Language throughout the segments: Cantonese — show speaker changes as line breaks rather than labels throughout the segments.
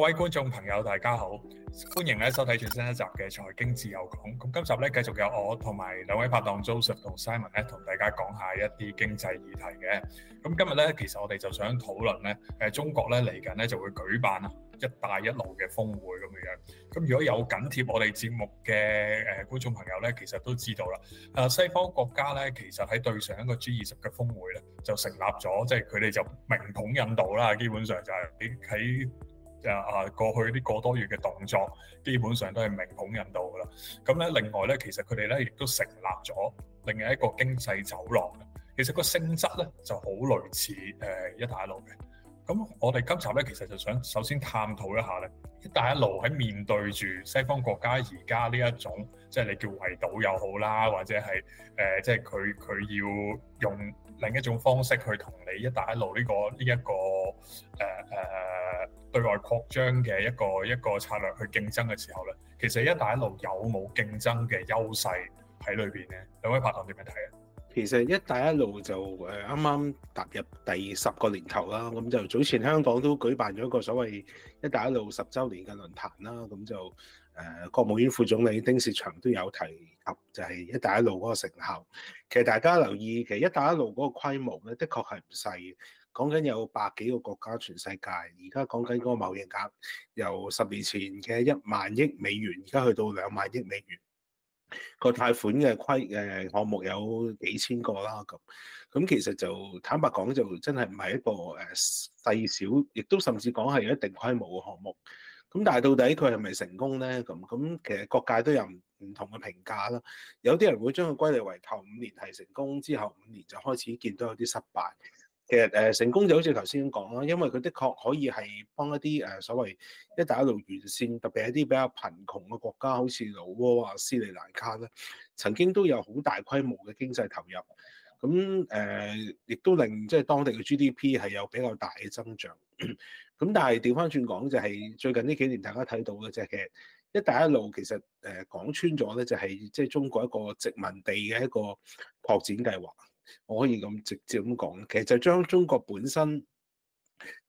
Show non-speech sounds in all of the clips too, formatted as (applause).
各位觀眾朋友，大家好，歡迎咧收睇全新一集嘅財經自由講。咁今集咧繼續有我同埋兩位拍檔 Joseph 同 Simon 咧，同大家講下一啲經濟議題嘅。咁今日咧，其實我哋就想討論咧，誒中國咧嚟緊咧就會舉辦啊一帶一路嘅峯會咁嘅樣。咁如果有緊貼我哋節目嘅誒觀眾朋友咧，其實都知道啦。誒西方國家咧，其實喺對上一個 G 二十嘅峯會咧，就成立咗，即係佢哋就明捧印度啦，基本上就係喺喺。啊啊！過去啲個多月嘅動作，基本上都係明捧印度噶啦。咁咧，另外咧，其實佢哋咧亦都成立咗另一個經濟走廊嘅。其實個性質咧就好類似誒一帶一路嘅。咁我哋今集咧，其實就想首先探討一下咧，一帶一路喺面對住西方國家而家呢一種，即係你叫圍堵又好啦，或者係誒，即係佢佢要用另一種方式去同你一帶一路呢個呢一個誒誒。對外擴張嘅一個一個策略去競爭嘅時候咧，其實一帶一路有冇競爭嘅優勢喺裏邊咧？兩位拍檔點樣睇啊？
其實一帶一路就誒啱啱踏入第十個年頭啦，咁就早前香港都舉辦咗一個所謂一帶一路十週年嘅論壇啦，咁就誒、呃、國務院副總理丁薛祥都有提及就係一帶一路嗰個成效。其實大家留意，其實一帶一路嗰個規模咧，的確係唔細嘅。講緊有百幾個國家，全世界而家講緊嗰個貿易額，由十年前嘅一萬億美元，而家去到兩萬億美元。個貸款嘅規模，誒項目有幾千個啦，咁咁其實就坦白講就真係唔係一個誒細小，亦都甚至講係有一定規模嘅項目。咁但係到底佢係咪成功咧？咁咁其實各界都有唔同嘅評價啦。有啲人會將佢歸類為頭五年係成功，之後五年就開始見到有啲失敗。其實誒成功就好似頭先咁講啦，因為佢的確可以係幫一啲誒所謂一帶一路沿線，特別係一啲比較貧窮嘅國家，好似盧旺達、斯里蘭卡咧，曾經都有好大規模嘅經濟投入，咁誒亦都令即係當地嘅 GDP 係有比較大嘅增長。咁但係調翻轉講就係最近呢幾年大家睇到嘅就係一帶一路其實誒講穿咗咧，就係即係中國一個殖民地嘅一個擴展計劃。我可以咁直接咁講，其實就將中國本身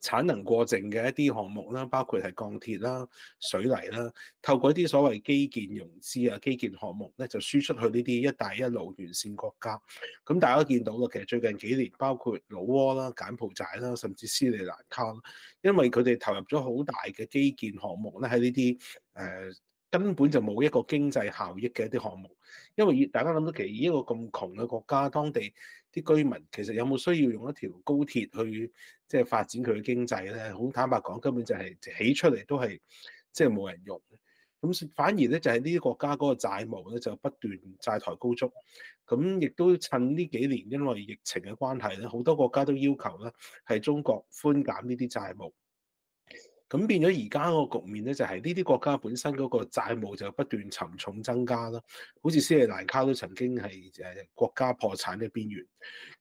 產能過剩嘅一啲項目啦，包括係鋼鐵啦、水泥啦，透過一啲所謂基建融資啊、基建項目咧，就輸出去呢啲「一帶一路」完善國家。咁大家都見到啦，其實最近幾年包括老撾啦、柬埔寨啦，甚至斯里蘭卡，因為佢哋投入咗好大嘅基建項目咧，喺呢啲誒根本就冇一個經濟效益嘅一啲項目。因為大家諗到，其實依一個咁窮嘅國家，當地啲居民其實有冇需要用一條高鐵去即係發展佢嘅經濟咧？好坦白講，根本就係起出嚟都係即係冇人用。咁反而咧就係呢啲國家嗰個債務咧就不斷債台高築。咁亦都趁呢幾年，因為疫情嘅關係咧，好多國家都要求咧係中國寬減呢啲債務。咁變咗而家個局面咧，就係呢啲國家本身嗰個債務就不斷沉重增加啦。好似斯里蘭卡都曾經係誒國家破產嘅邊緣。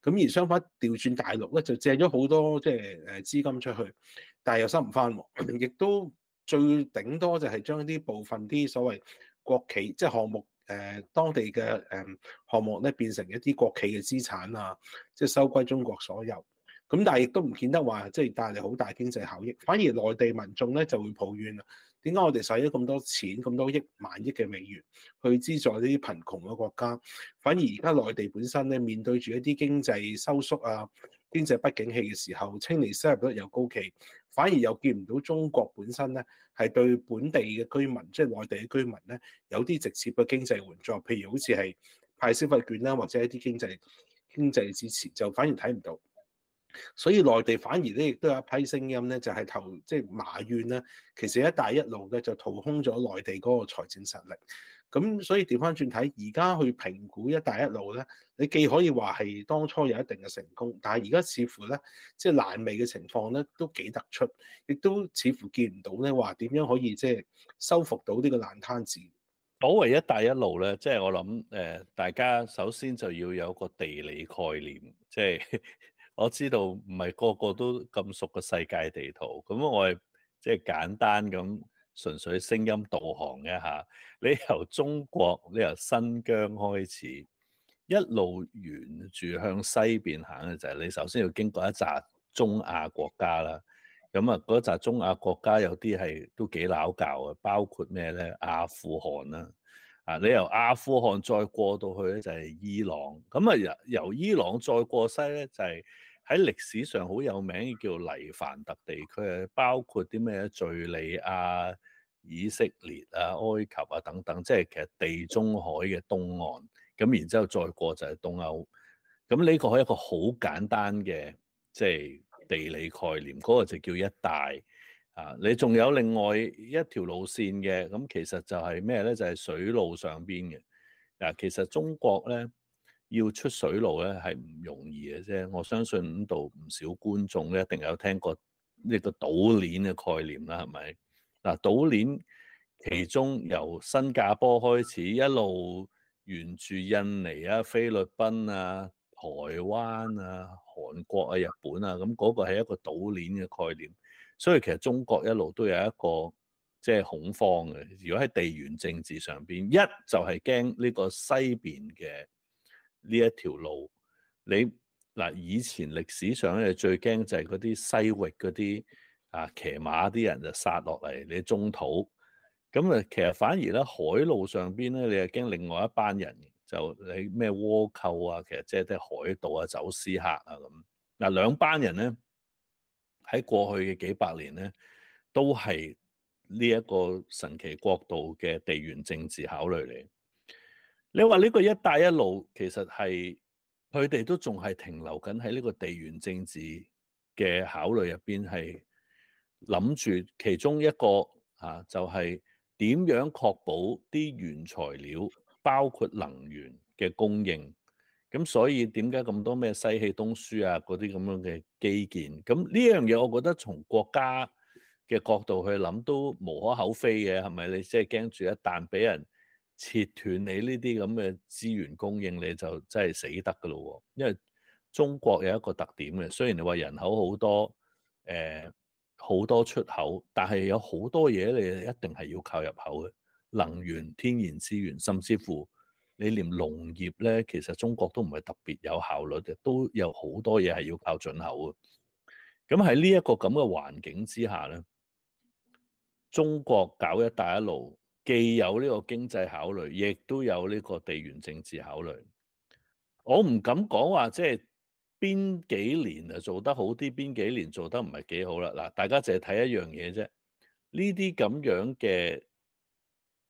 咁而相反調轉大陸咧，就借咗好多即係誒資金出去，但係又收唔返，亦都最頂多就係將啲部分啲所謂國企即係項目誒當地嘅誒項目咧，變成一啲國企嘅資產啊，即係收歸中國所有。咁但係亦都唔見得話，即係帶嚟好大經濟效益。反而內地民眾咧就會抱怨啦。點解我哋使咗咁多錢，咁多億、萬億嘅美元去資助呢啲貧窮嘅國家？反而而家內地本身咧面對住一啲經濟收縮啊、經濟不景氣嘅時候，青年失業率又高企，反而又見唔到中國本身咧係對本地嘅居民，即係內地嘅居民咧有啲直接嘅經濟援助，譬如好似係派消費券啦，或者一啲經濟經濟支持，就反而睇唔到。所以內地反而咧，亦都有一批聲音咧，就係投即係埋怨啦。其實一帶一路咧就掏空咗內地嗰個財政實力。咁所以調翻轉睇，而家去評估一帶一路咧，你既可以話係當初有一定嘅成功，但係而家似乎咧，即係爛尾嘅情況咧都幾突出，亦都似乎見唔到咧話點樣可以即係修復到呢個爛攤子。
講回一帶一路咧，即、就、係、是、我諗誒、呃，大家首先就要有個地理概念，即係。我知道唔係個個都咁熟嘅世界地圖，咁我係即係簡單咁純粹聲音導航一下。你由中國，你由新疆開始，一路沿住向西邊行嘅就係你首先要經過一紮中亞國家啦。咁啊，嗰一紮中亞國家有啲係都幾撈教嘅，包括咩咧？阿富汗啦。啊！你由阿富汗再過到去咧就係伊朗，咁啊由由伊朗再過西咧就係、是、喺歷史上好有名叫黎凡特地區，包括啲咩啊敍利亞、以色列啊、埃及啊等等，即、就、係、是、其實地中海嘅東岸。咁然之後再過就係東歐。咁呢個係一個好簡單嘅即係地理概念，嗰、那個就叫一帶。啊！你仲有另外一條路線嘅咁，其實就係咩咧？就係、是、水路上邊嘅嗱。其實中國咧要出水路咧係唔容易嘅啫。我相信呢度唔少觀眾咧一定有聽過呢個島鏈嘅概念啦，係咪？嗱，島鏈其中由新加坡開始，一路沿住印尼啊、菲律賓啊、台灣啊、韓國啊、日本啊，咁、那、嗰個係一個島鏈嘅概念。所以其實中國一路都有一個即係恐慌嘅。如果喺地緣政治上邊，一就係驚呢個西邊嘅呢一條路，你嗱以前歷史上咧最驚就係嗰啲西域嗰啲啊騎馬啲人就殺落嚟你中土。咁啊，其實反而咧海路上邊咧，你又驚另外一班人就你咩倭寇啊，其實即係啲海盜啊、走私客啊咁。嗱兩班人咧。喺過去嘅幾百年咧，都係呢一個神奇國度嘅地緣政治考慮嚟。你話呢個一帶一路其實係佢哋都仲係停留緊喺呢個地緣政治嘅考慮入邊，係諗住其中一個啊，就係點樣確保啲原材料，包括能源嘅供應。咁所以點解咁多咩西氣東輸啊嗰啲咁樣嘅基建？咁呢樣嘢我覺得從國家嘅角度去諗都無可厚非嘅，係咪？你即係驚住一旦俾人切斷你呢啲咁嘅資源供應，你就真係死得㗎咯。因為中國有一個特點嘅，雖然你話人口好多，誒、呃、好多出口，但係有好多嘢你一定係要靠入口嘅能源、天然資源，甚至乎。你連農業咧，其實中國都唔係特別有效率嘅，都有好多嘢係要靠進口啊。咁喺呢一個咁嘅環境之下咧，中國搞一帶一路，既有呢個經濟考慮，亦都有呢個地緣政治考慮。我唔敢講話，即係邊幾年啊做得好啲，邊幾年做得唔係幾好啦。嗱，大家淨係睇一樣嘢啫，呢啲咁樣嘅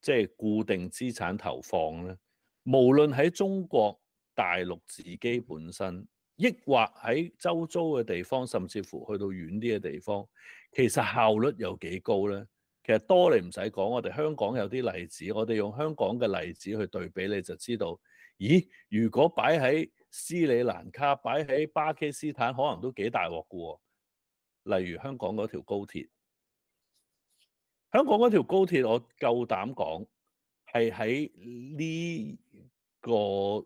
即係固定資產投放咧。無論喺中國大陸自己本身，抑或喺周遭嘅地方，甚至乎去到遠啲嘅地方，其實效率有幾高呢？其實多你唔使講，我哋香港有啲例子，我哋用香港嘅例子去對比，你就知道。咦？如果擺喺斯里蘭卡，擺喺巴基斯坦，可能都幾大鑊噶。例如香港嗰條高鐵，香港嗰條高鐵，我夠膽講係喺呢。個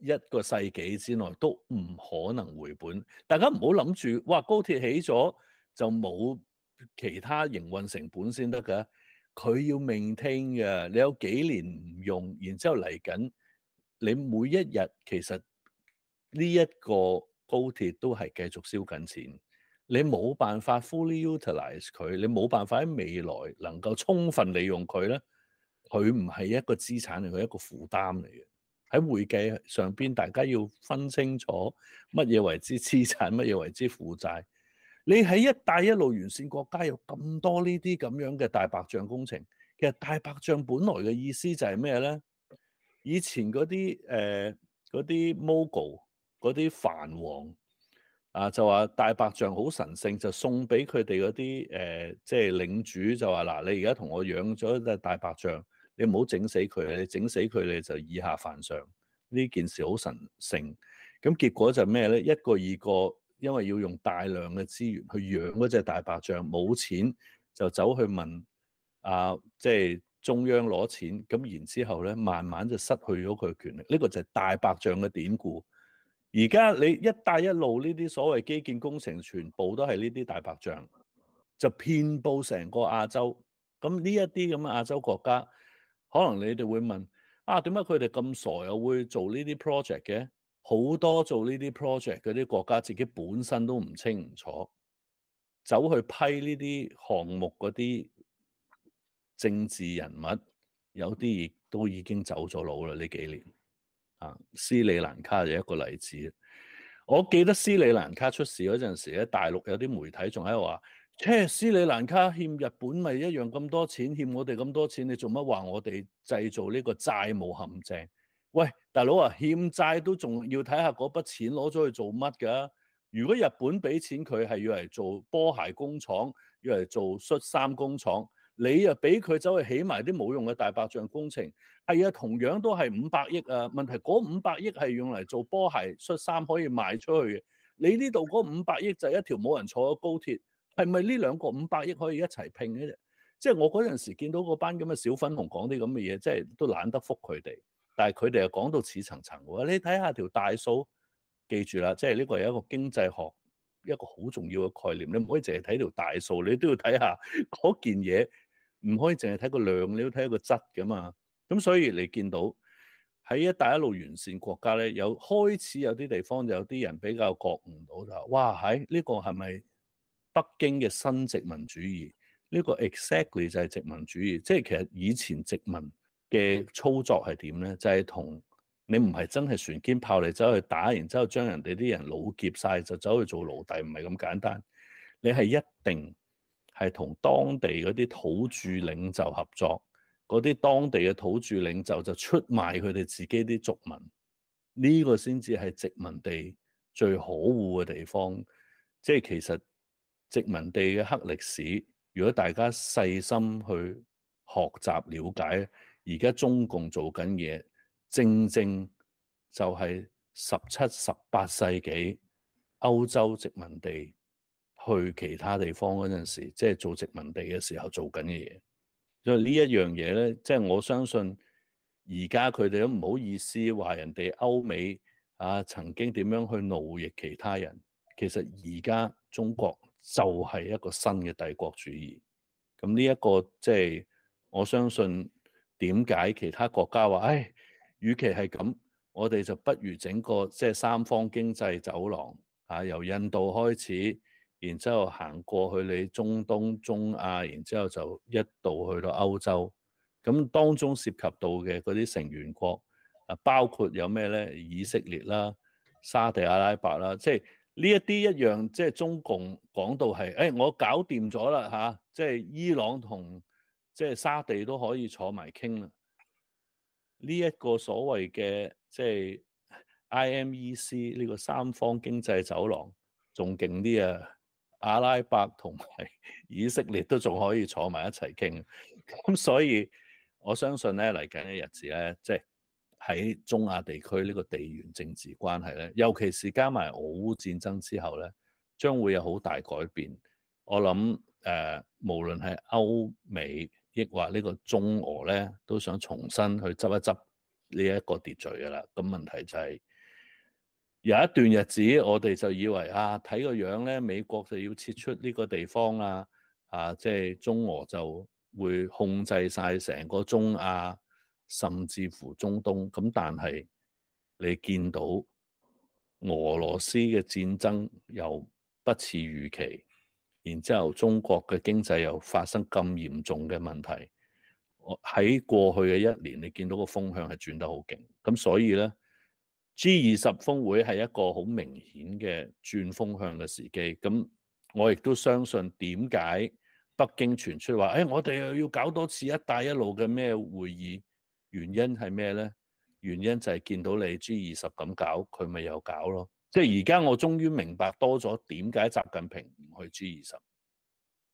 一個世紀之內都唔可能回本，大家唔好諗住哇！高鐵起咗就冇其他營運成本先得㗎，佢要命聽嘅。你有幾年唔用，然之後嚟緊，你每一日其實呢一個高鐵都係繼續燒緊錢，你冇辦法 fully utilize 佢，你冇辦法喺未來能夠充分利用佢咧，佢唔係一個資產嚟，佢係一個負擔嚟嘅。喺會計上邊，大家要分清楚乜嘢為之資產，乜嘢為之負債。你喺一帶一路完善國家有咁多呢啲咁樣嘅大白象工程，其實大白象本來嘅意思就係咩咧？以前嗰啲誒嗰啲 Mogul 嗰啲藩王啊，就話大白象好神聖，就送俾佢哋嗰啲誒，即、呃、係、就是、領主就話嗱，你而家同我養咗隻大白象。你唔好整死佢，你整死佢你就以下犯上。呢件事好神聖，咁結果就咩咧？一個二個，因為要用大量嘅資源去養嗰隻大白象，冇錢就走去問啊，即係中央攞錢。咁然之後咧，慢慢就失去咗佢嘅權力。呢個就係大白象嘅典故。而家你一帶一路呢啲所謂基建工程，全部都係呢啲大白象，就遍佈成個亞洲。咁呢一啲咁嘅亞洲國家。可能你哋會問啊，點解佢哋咁傻又會做呢啲 project 嘅？好多做呢啲 project 嗰啲國家自己本身都唔清唔楚，走去批呢啲項目嗰啲政治人物，有啲亦都已經走咗佬啦。呢幾年啊，斯里蘭卡就一個例子。我記得斯里蘭卡出事嗰陣時咧，大陸有啲媒體仲喺度話。誒、欸，斯里蘭卡欠日本咪一樣咁多錢，欠我哋咁多錢，你做乜話我哋製造呢個債務陷阱？喂，大佬啊，欠債都仲要睇下嗰筆錢攞咗去做乜噶、啊？如果日本俾錢，佢係要嚟做波鞋工廠，要嚟做恤衫工廠，你啊俾佢走去起埋啲冇用嘅大白象工程，係啊，同樣都係五百億啊。問題嗰五百億係用嚟做波鞋、恤衫可以賣出去嘅，你呢度嗰五百億就一條冇人坐嘅高鐵。係咪呢兩個五百億可以一齊拼嘅啫？即係我嗰陣時見到嗰班咁嘅小粉紅講啲咁嘅嘢，即係都懶得覆佢哋。但係佢哋又講到似層層，話你睇下條大數，記住啦，即係呢個係一個經濟學一個好重要嘅概念，你唔可以淨係睇條大數，你都要睇下嗰件嘢，唔可以淨係睇個量，你要睇個質噶嘛。咁所以你見到喺一帶一路完善國家咧，有開始有啲地方有啲人比較覺唔到就話，哇，喺呢個係咪？北京嘅新殖民主義，呢個 exactly 就係殖民主義。即係其實以前殖民嘅操作係點咧？就係同你唔係真係船堅炮嚟走去打，然之後將人哋啲人老劫晒就走去做奴隸，唔係咁簡單。你係一定係同當地嗰啲土著領袖合作，嗰啲當地嘅土著領袖就出賣佢哋自己啲族民。呢個先至係殖民地最可惡嘅地方。即係其實。殖民地嘅黑歷史，如果大家細心去學習了解，而家中共做緊嘢，正正就係十七、十八世紀歐洲殖民地去其他地方嗰陣時，即係做殖民地嘅時候做緊嘅嘢。因為呢一樣嘢咧，即係我相信而家佢哋都唔好意思話人哋歐美啊曾經點樣去奴役其他人。其實而家中國。就係一個新嘅帝國主義，咁呢一個即係我相信點解其他國家話，誒，與其係咁，我哋就不如整個即係三方經濟走廊啊，由印度開始，然之後行過去你中東中亞，然之後就一路去到歐洲，咁當中涉及到嘅嗰啲成員國啊，包括有咩咧？以色列啦、沙地阿拉伯啦，即係。呢一啲一樣，即係中共講到係，誒，我搞掂咗啦嚇，即係伊朗同即係沙地都可以坐埋傾啦。呢一個所謂嘅即係 IMEC 呢個三方經濟走廊仲勁啲啊，阿拉伯同埋以色列都仲可以坐埋一齊傾。咁所以我相信咧，嚟緊嘅日子咧，即係。喺中亞地區呢個地緣政治關係咧，尤其是加埋俄烏戰爭之後咧，將會有好大改變。我諗誒、呃，無論係歐美，亦或呢個中俄咧，都想重新去執一執呢一個秩序㗎啦。咁問題就係、是、有一段日子，我哋就以為啊，睇個樣咧，美國就要撤出呢個地方啦，啊，即、就、係、是、中俄就會控制晒成個中亞。甚至乎中東咁，但係你見到俄羅斯嘅戰爭又不似預期，然之後中國嘅經濟又發生咁嚴重嘅問題，我喺過去嘅一年你見到個風向係轉得好勁，咁所以咧 G 二十峰會係一個好明顯嘅轉風向嘅時機。咁我亦都相信點解北京傳出話，誒、哎、我哋又要搞多次一帶一路嘅咩會議？原因係咩咧？原因就係見到你 G 二十咁搞，佢咪又搞咯。即係而家我終於明白多咗點解習近平唔去 G 二十。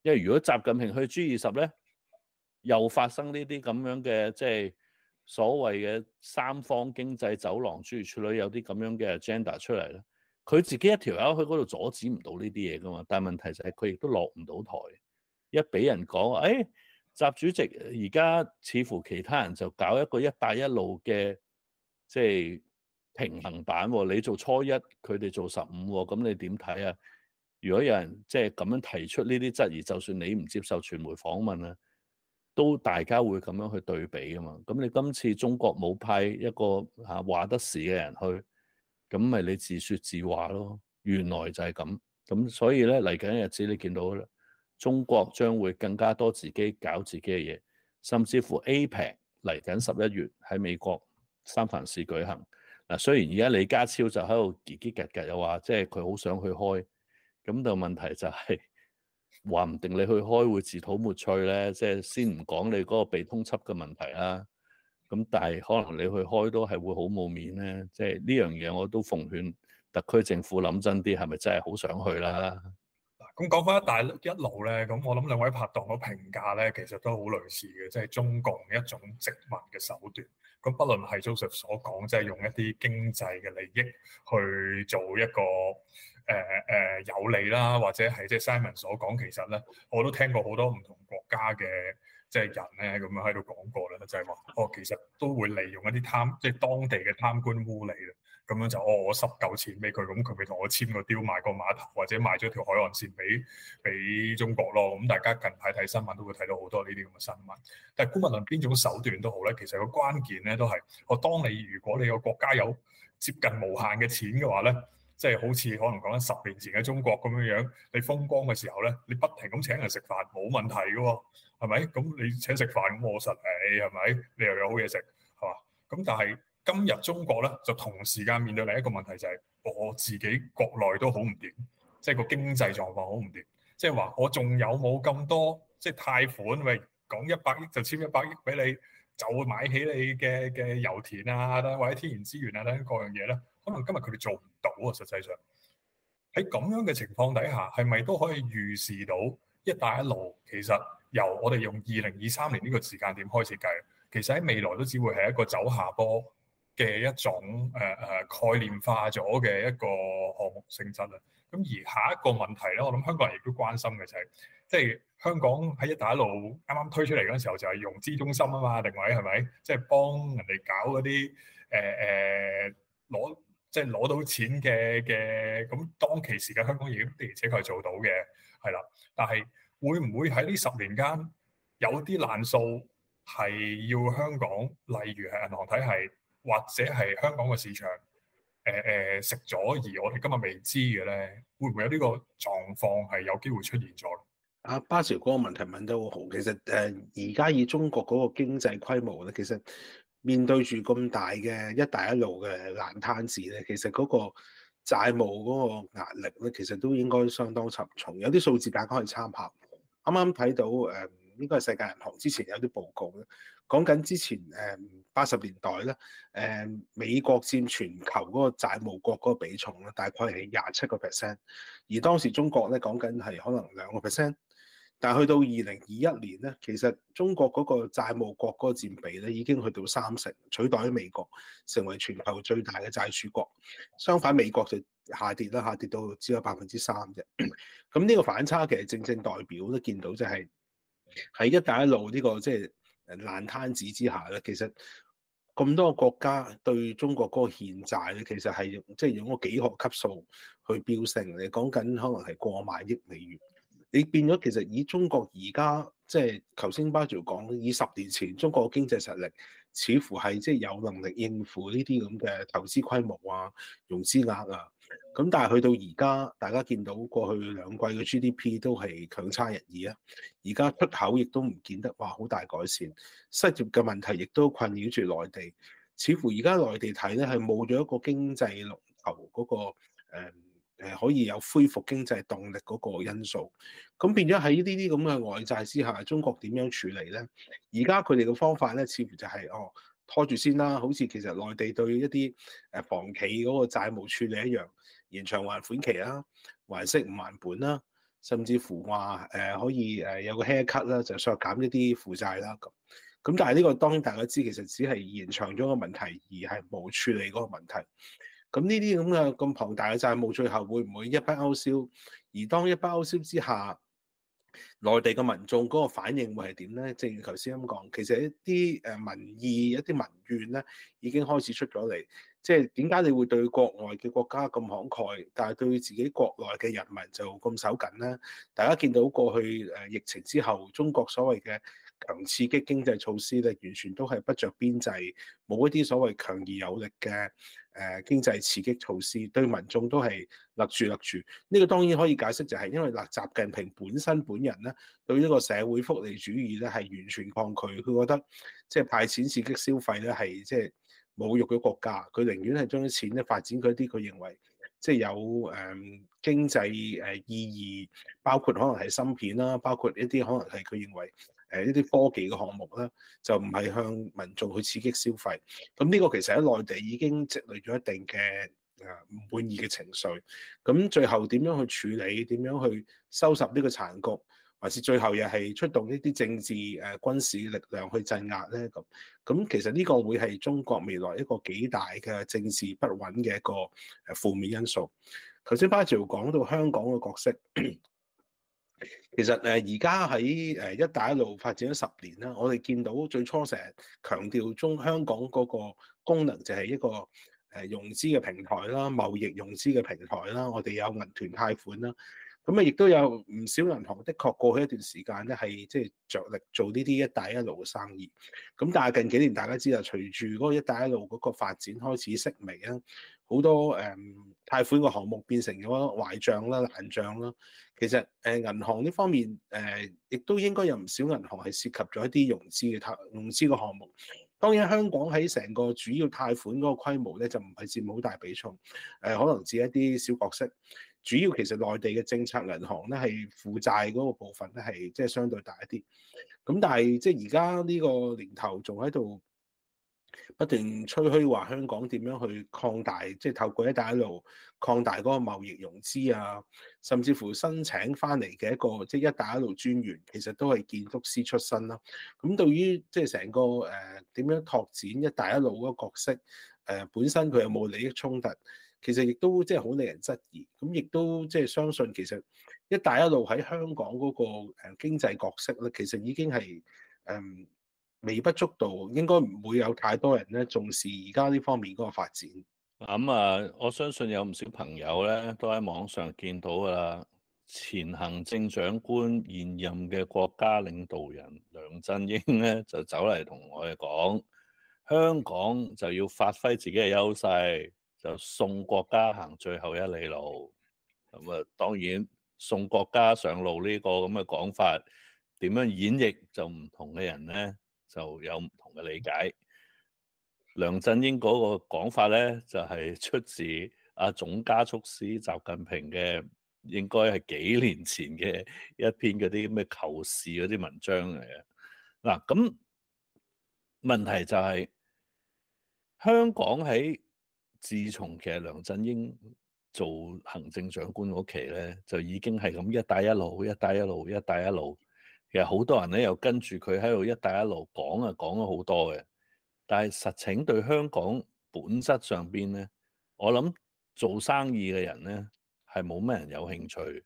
因為如果習近平去 G 二十咧，又發生呢啲咁樣嘅，即係所謂嘅三方經濟走廊諸如此類有啲咁樣嘅 agenda 出嚟咧，佢自己一條友去嗰度阻止唔到呢啲嘢噶嘛。但係問題就係佢亦都落唔到台，一俾人講，哎。習主席而家似乎其他人就搞一個一帶一路嘅，即係平衡版喎、哦，你做初一，佢哋做十五喎，咁你點睇啊？如果有人即係咁樣提出呢啲質疑，就算你唔接受傳媒訪問啊，都大家會咁樣去對比㗎嘛。咁你今次中國冇派一個嚇話得事嘅人去，咁咪你自説自話咯。原來就係咁。咁所以咧嚟緊日子你見到中國將會更加多自己搞自己嘅嘢，甚至乎 APEC 嚟緊十一月喺美國三藩市舉行。嗱，雖然而家李家超就喺度吉吉吉吉又話，即係佢好想去開，咁但係問題就係話唔定你去開會自討沒趣咧，即係先唔講你嗰個被通緝嘅問題啦。咁但係可能你去開都係會好冇面咧，即係呢樣嘢我都奉勸特區政府諗真啲，係咪真係好想去啦？
咁講返一帶一路咧，咁我諗兩位拍檔嘅評價咧，其實都好類似嘅，即係中共一種殖民嘅手段。咁不論係 Joseph 所講，即係用一啲經濟嘅利益去做一個誒誒有利啦，或者係即係 Simon 所講，其實咧我都聽過好多唔同國家嘅即係人咧咁樣喺度講過咧，就係話哦，其實都會利用一啲貪即係當地嘅貪官污吏咁樣就、哦、我我十嚿錢俾佢，咁佢咪同我簽個雕，賣個碼頭，或者賣咗條海岸線俾俾中國咯。咁、嗯、大家近排睇新聞都會睇到好多呢啲咁嘅新聞。但係姑勿論邊種手段都好咧，其實個關鍵咧都係我、哦、當你如果你個國家有接近無限嘅錢嘅話咧，即係好似可能講緊十年前嘅中國咁樣樣，你風光嘅時候咧，你不停咁請人食飯冇問題嘅喎、哦，係咪？咁你請食飯咁我實你係咪？你又有好嘢食係嘛？咁但係。今日中國咧，就同時間面對另一個問題、就係，就係我自己國內都好唔掂，即係個經濟狀況好唔掂，即係話我仲有冇咁多即係貸款？喂，講一百億就簽一百億俾你，就會買起你嘅嘅油田啊，或者天然資源啊，等各樣嘢咧，可能今日佢哋做唔到啊。實際上喺咁樣嘅情況底下，係咪都可以預示到一帶一路其實由我哋用二零二三年呢個時間點開始計，其實喺未來都只會係一個走下坡。嘅一種誒誒、呃、概念化咗嘅一個項目性質啊，咁而下一個問題咧，我諗香港人亦都關心嘅就係、是，即、就、係、是、香港喺一帶一路啱啱推出嚟嗰陣時候就係融資中心啊嘛，定位係咪？即係、就是、幫人哋搞嗰啲誒誒攞即係攞到錢嘅嘅，咁當其時嘅香港已經的而且確做到嘅係啦，但係會唔會喺呢十年間有啲爛數係要香港，例如係銀行體系？或者係香港嘅市場，誒、呃、誒、呃、食咗，而我哋今日未知嘅咧，會唔會有呢個
狀況係有機會出現咗？阿巴 Sir 嗰個問題問得好，其實誒而家以中國嗰個經濟規模咧，其實面對住咁大嘅一帶一路嘅爛攤子咧，其實嗰個債務嗰個壓力咧，其實都應該相當沉重。有啲數字大家可以參考。啱啱睇到誒、嗯，應該係世界銀行之前有啲報告咧。講緊之前誒八十年代咧，誒美國佔全球嗰個債務國個比重咧，大概係廿七個 percent，而當時中國咧，講緊係可能兩個 percent，但係去到二零二一年咧，其實中國嗰個債務國嗰個佔比咧已經去到三成，取代美國成為全球最大嘅債主國。相反美國就下跌啦，下跌到只有百分之三啫。咁呢個反差其實正正代表都見到就係喺一帶一路呢個即係。誒爛攤子之下咧，其實咁多國家對中國嗰個欠債咧，其實係用即係、就是、用個幾何級數去飆升，你講緊可能係過萬億美元。你變咗其實以中國而家即係頭先寶剛講，以十年前中國經濟實力，似乎係即係有能力應付呢啲咁嘅投資規模啊、融資額啊。咁但係去到而家，大家見到過去兩季嘅 GDP 都係強差人意啊！而家出口亦都唔見得話好大改善。失業嘅問題亦都困擾住內地。似乎而家內地睇咧，係冇咗一個經濟龍頭嗰個誒、嗯、可以有恢復經濟動力嗰個因素。咁變咗喺呢啲啲咁嘅外債之下，中國點樣處理咧？而家佢哋嘅方法咧，似乎就係、是、哦。拖住先啦，好似其實內地對一啲誒房企嗰個債務處理一樣，延長還款期啦，還息唔還本啦，甚至乎話誒、呃、可以誒有個 hair cut 啦，就削減一啲負債啦咁。咁但係呢、呢個當然大家知，其實只係延長咗個問題，而係冇處理嗰個問題。咁呢啲咁嘅咁龐大嘅債務，最後會唔會一筆勾銷？而當一筆勾銷之下，內地嘅民眾嗰個反應會係點呢？正如頭先咁講，其實一啲誒民意、一啲民怨呢已經開始出咗嚟。即係點解你會對國外嘅國家咁慷慨，但係對自己國內嘅人民就咁手緊呢？大家見到過去誒疫情之後，中國所謂嘅……強刺激經濟措施咧，完全都係不着邊際，冇一啲所謂強而有力嘅誒經濟刺激措施，對民眾都係勒住勒住。呢個當然可以解釋就係因為習近平本身本人咧對呢個社會福利主義咧係完全抗拒，佢覺得即係派錢刺激消費咧係即係侮辱咗國家，佢寧願係將啲錢咧發展佢一啲佢認為即係有誒經濟誒意義，包括可能係芯片啦，包括一啲可能係佢認為，誒呢啲科技嘅項目啦，就唔係向民眾去刺激消費，咁呢個其實喺內地已經積累咗一定嘅誒唔滿意嘅情緒，咁最後點樣去處理，點樣去收拾呢個殘局，還是最後又係出動呢啲政治誒軍事力量去鎮壓咧？咁咁其實呢個會係中國未來一個幾大嘅政治不穩嘅一個誒負面因素。頭先巴澤講到香港嘅角色。 (coughs) 其實誒而家喺誒一帶一路發展咗十年啦，我哋見到最初成日強調中香港嗰個功能就係一個誒融資嘅平台啦，貿易融資嘅平台啦，我哋有銀團貸款啦，咁啊亦都有唔少銀行的確過去一段時間咧係即係着力做呢啲一帶一路嘅生意，咁但係近幾年大家知道，隨住嗰個一帶一路嗰個發展開始式微啦，好多誒貸款嘅項目變成咗壞帳啦、爛帳啦。其實誒銀行呢方面誒，亦、呃、都應該有唔少銀行係涉及咗一啲融資嘅投融資嘅項目。當然香港喺成個主要貸款嗰個規模咧，就唔係佔好大比重。誒、呃、可能只一啲小角色，主要其實內地嘅政策銀行咧係負債嗰個部分咧係即係相對大一啲。咁但係即係而家呢個年頭仲喺度。不斷吹噓話香港點樣去擴大，即係透過一帶一路擴大嗰個貿易融資啊，甚至乎申請翻嚟嘅一個即係一帶一路專員，其實都係建築師出身啦。咁對於即係成個誒點樣拓展一帶一路嗰個角色，誒本身佢有冇利益衝突？其實亦都即係好令人質疑。咁亦都即係相信，其實一帶一路喺香港嗰個誒經濟角色咧，其實已經係誒。呃微不足道，應該唔會有太多人咧重視而家呢方面嗰個發展。
咁啊，嗯，我相信有唔少朋友咧都喺網上見到噶啦，前行政長官現任嘅國家領導人梁振英咧就走嚟同我哋講，香港就要發揮自己嘅優勢，就送國家行最後一里路。咁啊，當然送國家上路呢個咁嘅講法，點樣演繹就唔同嘅人咧。就有唔同嘅理解。梁振英嗰個講法咧，就係、是、出自阿總加速師習近平嘅，應該係幾年前嘅一篇嗰啲咩求是嗰啲文章嚟嘅。嗱，咁問題就係、是、香港喺自從其實梁振英做行政長官嗰期咧，就已經係咁一帶一路，一帶一路，一帶一路。其實好多人咧，又跟住佢喺度一帶一路講啊，講咗好多嘅。但係實情對香港本質上面咧，我諗做生意嘅人咧係冇咩人有興趣。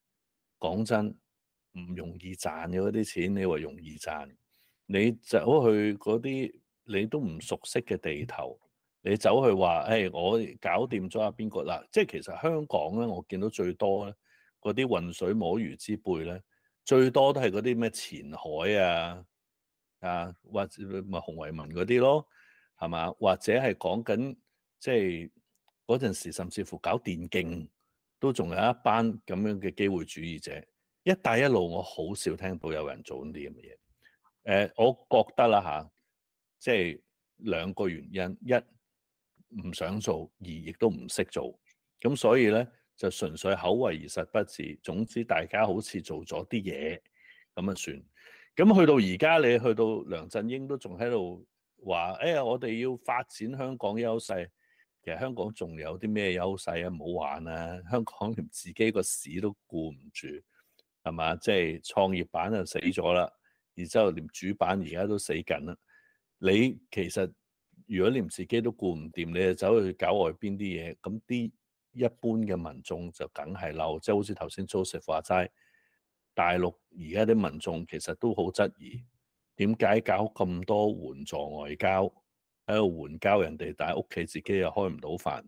講真，唔容易賺嘅嗰啲錢，你話容易賺？你走去嗰啲你都唔熟悉嘅地頭，你走去話誒，hey, 我搞掂咗阿邊個嗱？即係，啊其實香港咧，我見到最多咧，嗰啲混水摸魚之輩咧。最多都係嗰啲咩前海啊啊，或者咪洪慧文嗰啲咯，係嘛？或者係講緊即係嗰陣時，甚至乎搞電競都仲有一班咁樣嘅機會主義者。一帶一路我好少聽到有人做呢啲咁嘅嘢。誒，我覺得啦嚇，即係兩個原因：一唔想做，二亦都唔識做。咁所以咧。就純粹口惠而實不至。總之大家好似做咗啲嘢咁啊算。咁去到而家，你去到梁振英都仲喺度話，哎呀，我哋要發展香港優勢。其實香港仲有啲咩優勢啊？唔好玩啊！香港連自己個市都顧唔住，係嘛？即係創業板就死咗啦，然之後連主板而家都死緊啦。你其實如果連自己都顧唔掂，你就走去搞外邊啲嘢，咁啲。一般嘅民眾就梗係嬲，即係好似頭先 Joseph 話齋，大陸而家啲民眾其實都好質疑，點解搞咁多援助外交喺度援交人哋，但係屋企自己又開唔到飯。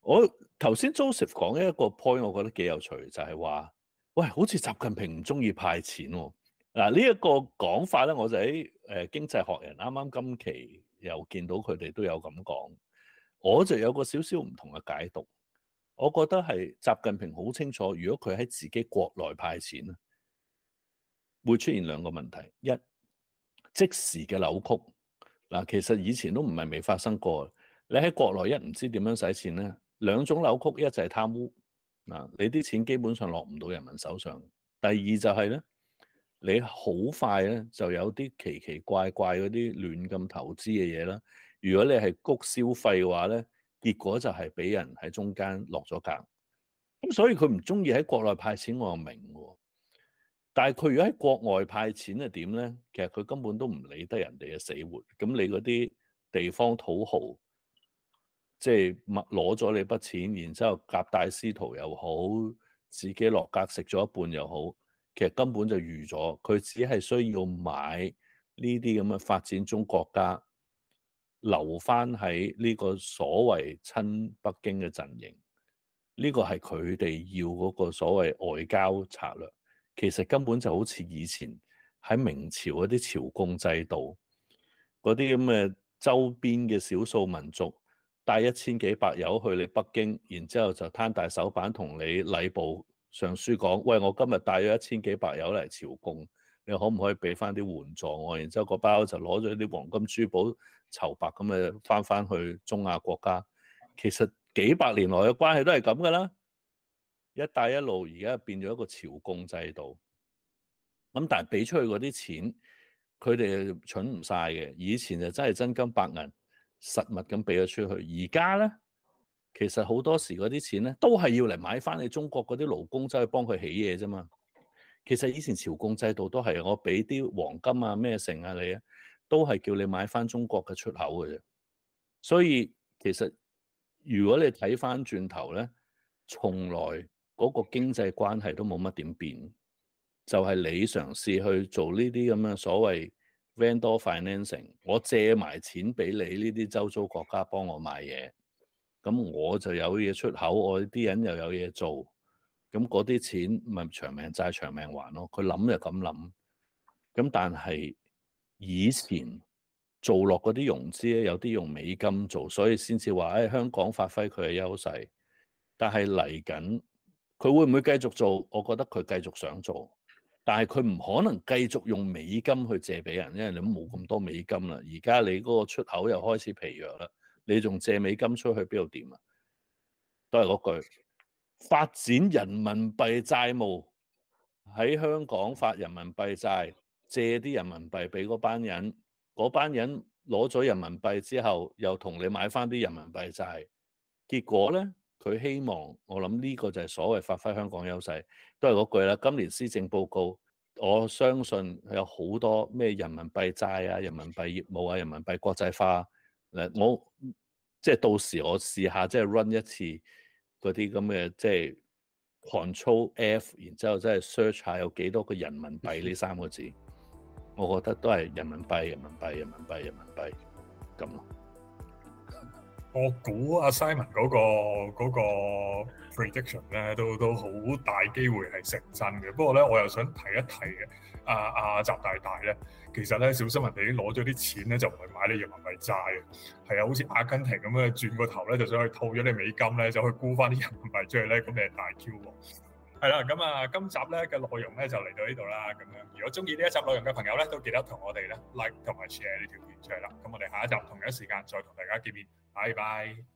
我頭先 Joseph 講一個 point，我覺得幾有趣，就係話，喂，好似習近平唔中意派錢喎。嗱，呢一個講法咧，我就喺誒經濟學人啱啱今期又見到佢哋都有咁講。我就有個少少唔同嘅解讀，我覺得係習近平好清楚，如果佢喺自己國內派錢咧，會出現兩個問題：一即時嘅扭曲嗱，其實以前都唔係未發生過。你喺國內一唔知點樣使錢咧，兩種扭曲一就係貪污嗱，你啲錢基本上落唔到人民手上。第二就係、是、咧，你好快咧就有啲奇奇怪怪嗰啲亂咁投資嘅嘢啦。如果你係谷消費嘅話咧，結果就係俾人喺中間落咗格。咁所以佢唔中意喺國內派錢，我明嘅。但係佢如果喺國外派錢係點咧？其實佢根本都唔理得人哋嘅死活。咁你嗰啲地方土豪，即係物攞咗你筆錢，然之後夾大司徒又好，自己落格食咗一半又好，其實根本就預咗。佢只係需要買呢啲咁嘅發展中國家。留翻喺呢個所謂親北京嘅陣營，呢個係佢哋要嗰個所謂外交策略。其實根本就好似以前喺明朝嗰啲朝貢制度，嗰啲咁嘅周邊嘅少數民族帶一千幾百友去你北京，然之後就攤大手板同你禮部尚書講：喂，我今日帶咗一千幾百友嚟朝貢。你可唔可以俾翻啲援助我啊？然之後個包就攞咗啲黃金珠寶籌白咁誒，翻翻去中亞國家。其實幾百年來嘅關係都係咁噶啦。一帶一路而家變咗一個朝貢制度。咁但係俾出去嗰啲錢，佢哋蠢唔晒嘅？以前就真係真金白銀實物咁俾咗出去。而家咧，其實好多時嗰啲錢咧，都係要嚟買翻你中國嗰啲勞工走去幫佢起嘢啫嘛。其實以前朝貢制度都係我俾啲黃金啊咩城啊你，都係叫你買翻中國嘅出口嘅啫。所以其實如果你睇翻轉頭咧，從來嗰個經濟關係都冇乜點變，就係你嘗試去做呢啲咁嘅所謂 vendor financing，我借埋錢俾你呢啲周遭國家幫我買嘢，咁我就有嘢出口，我啲人又有嘢做。咁嗰啲錢咪長命債長命還咯，佢諗就咁諗。咁但係以前做落嗰啲融資咧，有啲用美金做，所以先至話誒香港發揮佢嘅優勢。但係嚟緊佢會唔會繼續做？我覺得佢繼續想做，但係佢唔可能繼續用美金去借俾人，因為你冇咁多美金啦。而家你嗰個出口又開始疲弱啦，你仲借美金出去邊度掂啊？都係嗰句。發展人民幣債務喺香港發人民幣債，借啲人民幣俾嗰班人，嗰班人攞咗人民幣之後，又同你買翻啲人民幣債。結果呢，佢希望我諗呢個就係所謂發揮香港優勢，都係嗰句啦。今年施政報告，我相信有好多咩人民幣債啊、人民幣業務啊、人民幣國際化我即係、就是、到時我試下即係、就是、run 一次。嗰啲咁嘅即係 control F，然之後即係 search 下有幾多個人民幣呢三個字，我覺得都係人民幣、人民幣、人民幣、人民幣咁。
我估阿 Simon 嗰個嗰個。Prediction 咧都都好大機會係成真嘅，不過咧我又想提一提嘅、啊，阿、啊、阿、啊、習大大咧，其實咧小心人哋已經攞咗啲錢咧就唔係買你人民幣債嘅，係啊，好似阿根廷咁樣轉個頭咧就想去套咗你美金咧就去沽翻啲人民幣出去咧，咁你係大 Q 喎。係 (laughs) 啦，咁啊今集咧嘅內容咧就嚟到呢度啦，咁樣。如果中意呢一集內容嘅朋友咧，都記得同我哋咧 like 同埋 share 呢條片出嚟啦。咁我哋下一集同一時間再同大家見面，拜拜。